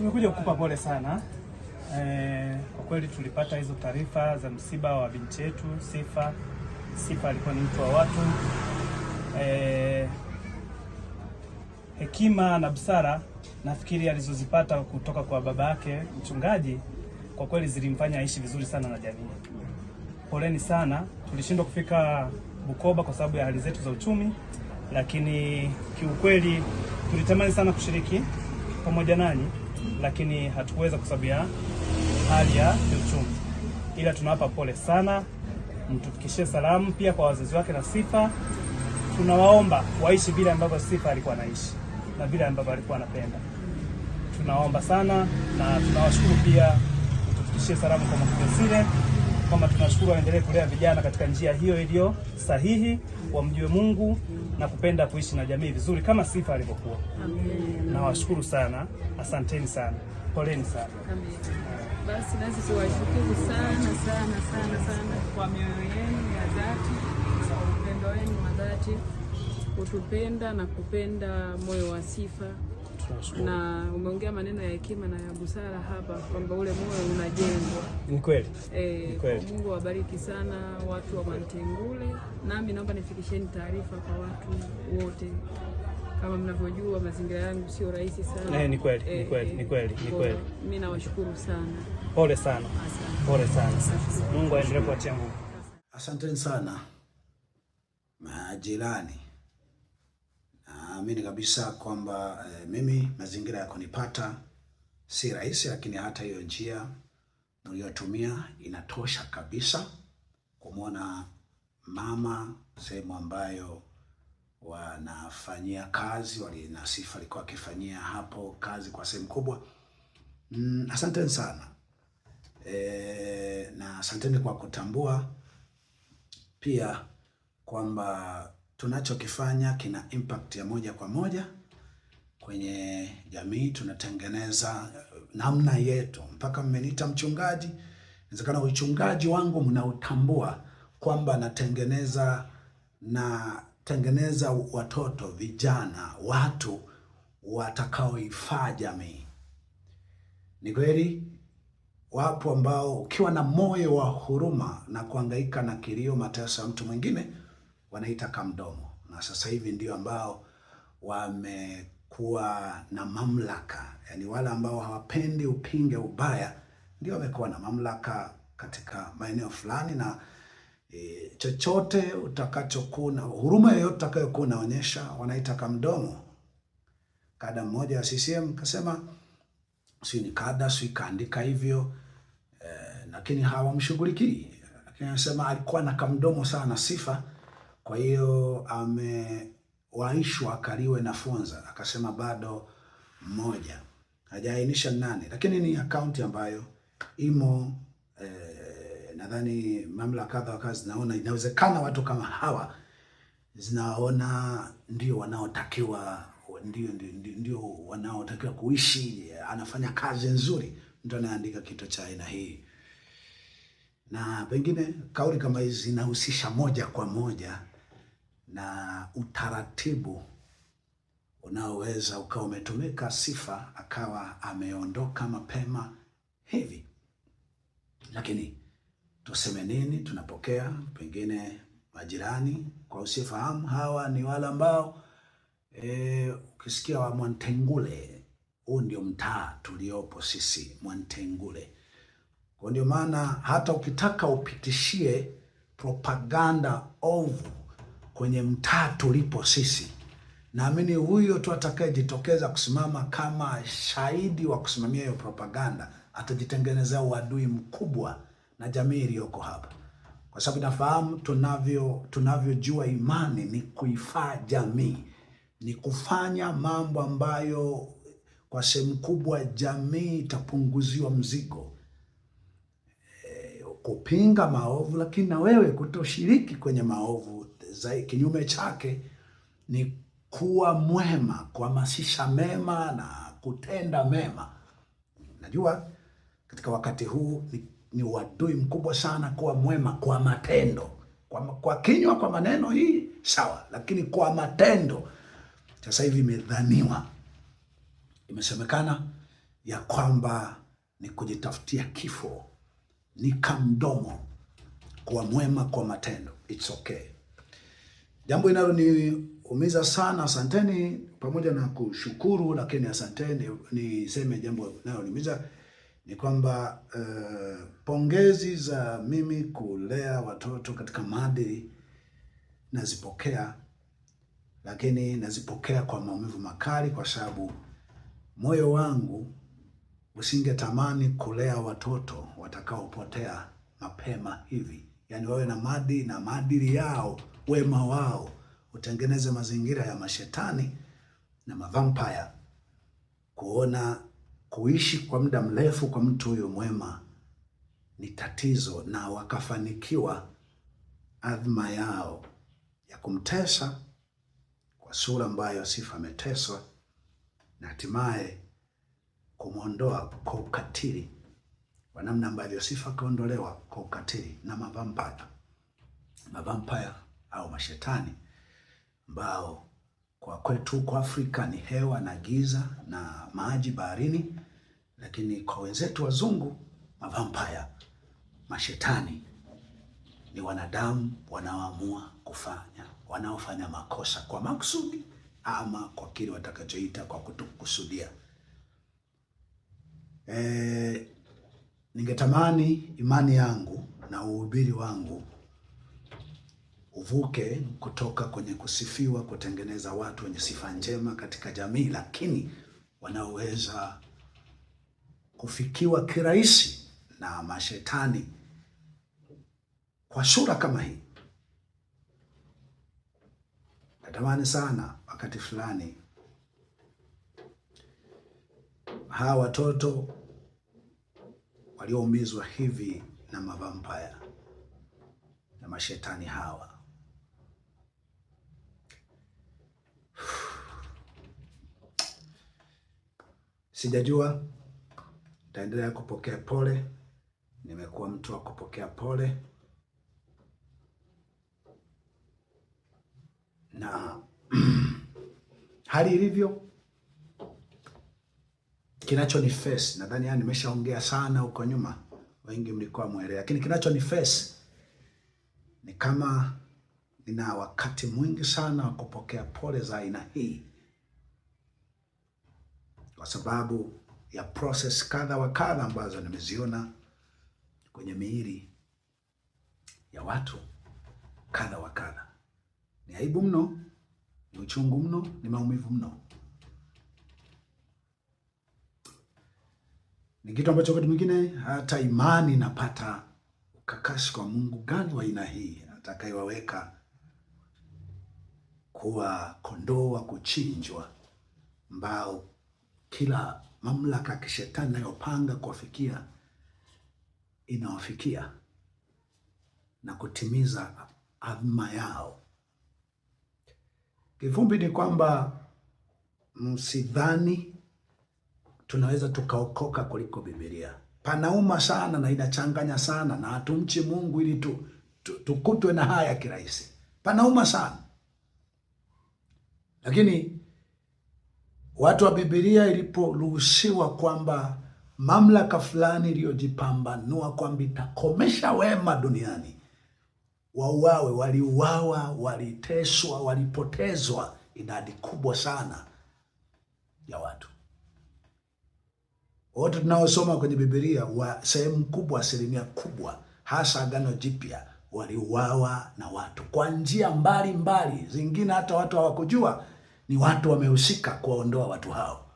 Tumekuja kukupa pole sana e, kwa kweli tulipata hizo taarifa za msiba wa binti yetu Sifa. Sifa alikuwa ni mtu wa watu e, hekima na busara nafikiri alizozipata kutoka kwa baba yake mchungaji, kwa kweli zilimfanya aishi vizuri sana na jamii. Poleni sana, tulishindwa kufika Bukoba kwa sababu ya hali zetu za uchumi, lakini kiukweli tulitamani sana kushiriki pamoja nanyi lakini hatuweza kwa sababu ya hali ya kiuchumi, ila tunawapa pole sana. Mtufikishie salamu pia kwa wazazi wake na Sifa. Tunawaomba waishi vile ambavyo Sifa alikuwa anaishi na vile ambavyo alikuwa anapenda. Tunaomba sana na tunawashukuru pia. Mtufikishie salamu kwa Mwanasesile kwamba tunashukuru, waendelee kulea vijana katika njia hiyo iliyo sahihi, wamjue Mungu na kupenda kuishi na jamii vizuri kama Sifa alivyokuwa. Nawashukuru sana, asanteni sana, poleni sana. Basi nasi tuwashukuru sana sana sana sana kwa mioyo yenu ya dhati, kwa upendo wenu wa dhati, kutupenda na kupenda moyo wa Sifa na umeongea maneno ya hekima na ya busara hapa kwamba ule moyo unajengwa. Ni kweli e, Mungu awabariki sana watu wa Mantengule, nami naomba nifikisheni taarifa kwa watu wote. Kama mnavyojua mazingira yangu sio rahisi sana. Eh, ni kweli ni eh, kweli ni kweli ni kweli. Mimi nawashukuru sana, pole sana, pole sana. Mungu aendelee kuwatia nguvu. Asanteni sana majirani naamini kabisa kwamba e, mimi mazingira ya kunipata si rahisi, lakini hata hiyo njia niliyotumia inatosha kabisa kumwona mama sehemu ambayo wanafanyia kazi walinasifa sifa alikuwa akifanyia hapo kazi kwa sehemu kubwa. Mm, asanteni sana e, na asanteni kwa kutambua pia kwamba tunachokifanya kina impact ya moja kwa moja kwenye jamii. Tunatengeneza uh, namna yetu, mpaka mmeniita mchungaji. Inawezekana uchungaji wangu mnautambua kwamba natengeneza natengeneza watoto, vijana, watu watakaoifaa jamii. Ni kweli wapo ambao ukiwa na moyo wa huruma na kuangaika na kilio, mateso ya mtu mwingine wanaita kamdomo, na sasa hivi ndio ambao wamekuwa na mamlaka, yaani wale ambao hawapendi upinge ubaya ndio wamekuwa na mamlaka katika maeneo fulani, na e, chochote utakachokuna huruma yoyote utakayokuwa unaonyesha wanaita kamdomo. Kada mmoja wa CCM kasema si ni kada si kaandika hivyo eh, lakini hawamshughulikii. Lakini anasema alikuwa na kamdomo sana sifa kwa hiyo amewaishwa akaliwe na funza, akasema bado mmoja, hajaainisha nane, lakini ni akaunti ambayo imo eh, nadhani mamlaka kadha wa zinaona inawezekana watu kama hawa zinaona ndio wanaotakiwa ndio, ndio, ndio wanaotakiwa kuishi. Anafanya kazi nzuri, mtu anaandika kitu cha aina hii, na pengine kauli kama hizi zinahusisha moja kwa moja na utaratibu unaoweza ukawa umetumika. Sifa akawa ameondoka mapema hivi, lakini tuseme nini? Tunapokea pengine majirani, kwa usifahamu, hawa ni wale ambao e, ukisikia wa Mwantengule, huu ndio mtaa tuliopo sisi Mwantengule. Kwa ndio maana hata ukitaka upitishie propaganda ovu kwenye mtaa tulipo sisi. Naamini huyo tu atakayejitokeza kusimama kama shahidi wa kusimamia hiyo propaganda atajitengenezea uadui mkubwa na jamii iliyoko hapa, kwa sababu nafahamu tunavyo tunavyojua, imani ni kuifaa jamii, ni kufanya mambo ambayo kwa sehemu kubwa jamii itapunguziwa mzigo e, kupinga maovu, lakini na wewe kutoshiriki kwenye maovu zaidi. kinyume chake ni kuwa mwema, kuhamasisha mema na kutenda mema. Najua katika wakati huu ni, ni uadui mkubwa sana kuwa mwema kwa matendo. Kwa, kwa kinywa kwa maneno hii sawa, lakini kwa matendo sasa hivi imedhaniwa, imesemekana ya kwamba ni kujitafutia kifo, ni kamdomo. Kuwa mwema kwa matendo, it's okay jambo linaloniumiza sana. Asanteni pamoja na kushukuru, lakini asanteni, niseme jambo linaloniumiza ni kwamba uh, pongezi za mimi kulea watoto katika maadili nazipokea, lakini nazipokea kwa maumivu makali, kwa sababu moyo wangu usingetamani kulea watoto watakaopotea mapema hivi yani wawe na madi na maadili yao, wema wao, utengeneze mazingira ya mashetani na mavampaya kuona kuishi kwa muda mrefu kwa mtu huyo mwema ni tatizo, na wakafanikiwa adhma yao ya kumtesa kwa sura ambayo Sifa ameteswa na hatimaye kumwondoa kwa ukatili kwa namna ambavyo sifa kaondolewa kwa ukatili na mavampaya, mavampaya au mashetani ambao kwa kwetu huko Afrika ni hewa na giza na maji baharini, lakini kwa wenzetu wazungu mavampaya, mashetani ni wanadamu wanaoamua kufanya wanaofanya makosa kwa makusudi ama kwa kile watakachoita kwa kutukusudia Eh, Ningetamani imani yangu na uhubiri wangu uvuke kutoka kwenye kusifiwa, kutengeneza watu wenye sifa njema katika jamii, lakini wanaoweza kufikiwa kirahisi na mashetani kwa sura kama hii. Natamani sana wakati fulani hawa watoto walioumizwa hivi na mavampaya na mashetani hawa. Sijajua, nitaendelea kupokea pole. Nimekuwa mtu wa kupokea pole na hali ilivyo kinacho kinachoniface, nadhani yani nimeshaongea sana huko nyuma, wengi mlikuwa mwele, lakini kinachoniface ni kama nina wakati mwingi sana wa kupokea pole za aina hii, kwa sababu ya process kadha wa kadha ambazo nimeziona kwenye miili ya watu kadha wa kadha. Ni aibu mno, ni uchungu mno, ni maumivu mno. ni kitu ambacho wakati mwingine hata imani inapata ukakashi kwa Mungu gani wa aina hii atakayewaweka kuwa kondoo wa kuchinjwa ambao kila mamlaka ya kishetani inayopanga kuwafikia inawafikia na kutimiza adhma yao. Kifumbi ni kwamba msidhani tunaweza tukaokoka kuliko Biblia. Panauma sana na inachanganya sana na hatumchi Mungu ili tu, tu, tukutwe na haya kirahisi. Panauma sana lakini watu wa Biblia iliporuhusiwa kwamba mamlaka fulani iliyojipambanua kwamba itakomesha wema duniani wauawe, waliuawa, waliteswa, walipotezwa idadi kubwa sana ya watu wote tunaosoma kwenye Biblia wa sehemu kubwa, asilimia kubwa, hasa Agano Jipya, waliuawa na watu kwa njia mbalimbali, zingine hata watu hawakujua ni watu wamehusika kuwaondoa watu hao.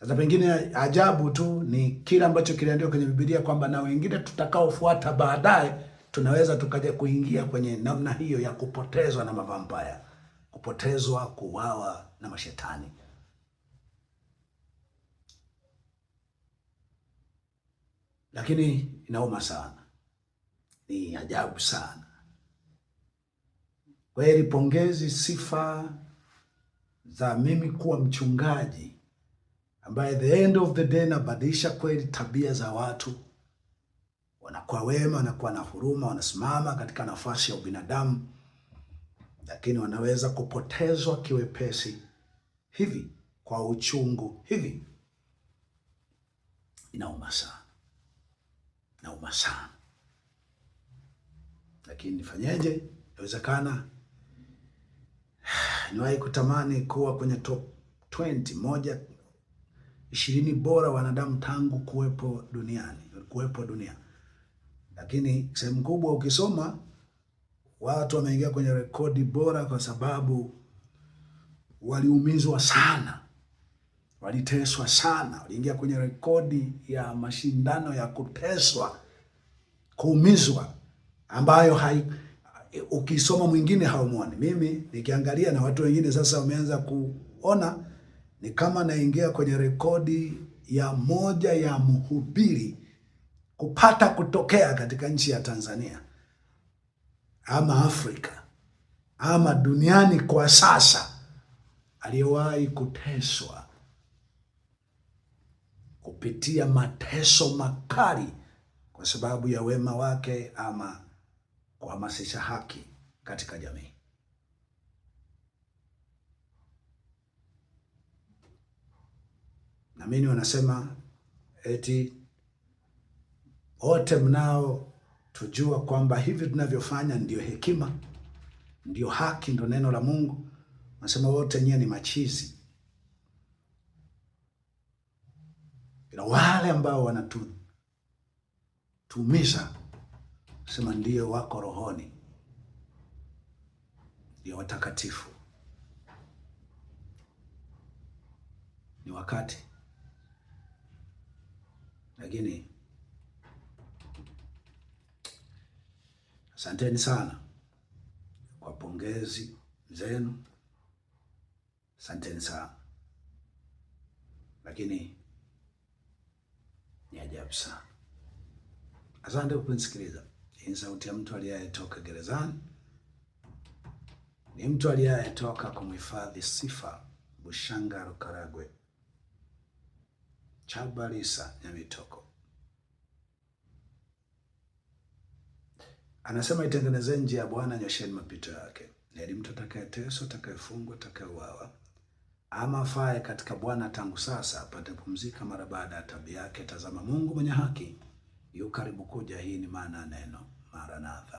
Sasa pengine ajabu tu ni kile ambacho kiliandikwa kwenye Biblia kwamba na wengine tutakaofuata baadaye tunaweza tukaja kuingia kwenye namna hiyo ya kupotezwa na mavampaya, kupotezwa, kuuawa na mashetani. lakini inauma sana, ni ajabu sana kweli. Pongezi, sifa za mimi kuwa mchungaji ambaye the end of the day nabadilisha kweli tabia za watu, wanakuwa wema, wanakuwa na huruma, wanasimama katika nafasi ya ubinadamu, lakini wanaweza kupotezwa kiwepesi hivi kwa uchungu hivi, inauma sana nauma sana, lakini nifanyeje? Inawezekana niwahi kutamani kuwa kwenye top 20 moja ishirini bora wanadamu tangu kuwepo duniani kuwepo dunia, lakini sehemu kubwa ukisoma watu wameingia kwenye rekodi bora kwa sababu waliumizwa sana Waliteswa sana, waliingia kwenye rekodi ya mashindano ya kuteswa, kuumizwa, ambayo hai ukisoma mwingine haumwoni. Mimi nikiangalia na watu wengine sasa wameanza kuona ni kama naingia kwenye rekodi ya moja ya mhubiri kupata kutokea katika nchi ya Tanzania ama Afrika ama duniani kwa sasa aliyewahi kuteswa kupitia mateso makali kwa sababu ya wema wake ama kuhamasisha haki katika jamii. mimi wanasema eti wote mnao tujua kwamba hivi tunavyofanya ndio hekima, ndio haki, ndio neno la Mungu. Nasema wote nyie ni machizi. ila wale ambao wanatutumiza sema ndio wako rohoni, ndio watakatifu. Ni wakati lakini Asanteni sana kwa pongezi zenu, asanteni sana lakini ni ajabu sana. Asante kwa kunisikiliza. Hii ni sauti ya mtu aliyetoka gerezani, ni mtu aliyetoka kumhifadhi Sifa Bushanga Rukaragwe Chabalisa Nyamitoko. Anasema, itengenezeni njia ya Bwana, nyosheni mapito yake. Ni mtu atakayeteswa, atakayefungwa, atakayeuawa ama afaye katika Bwana tangu sasa apate pumzika mara baada ya tabia yake. Tazama, Mungu mwenye haki yu karibu kuja. Hii ni maana ya neno Maranatha.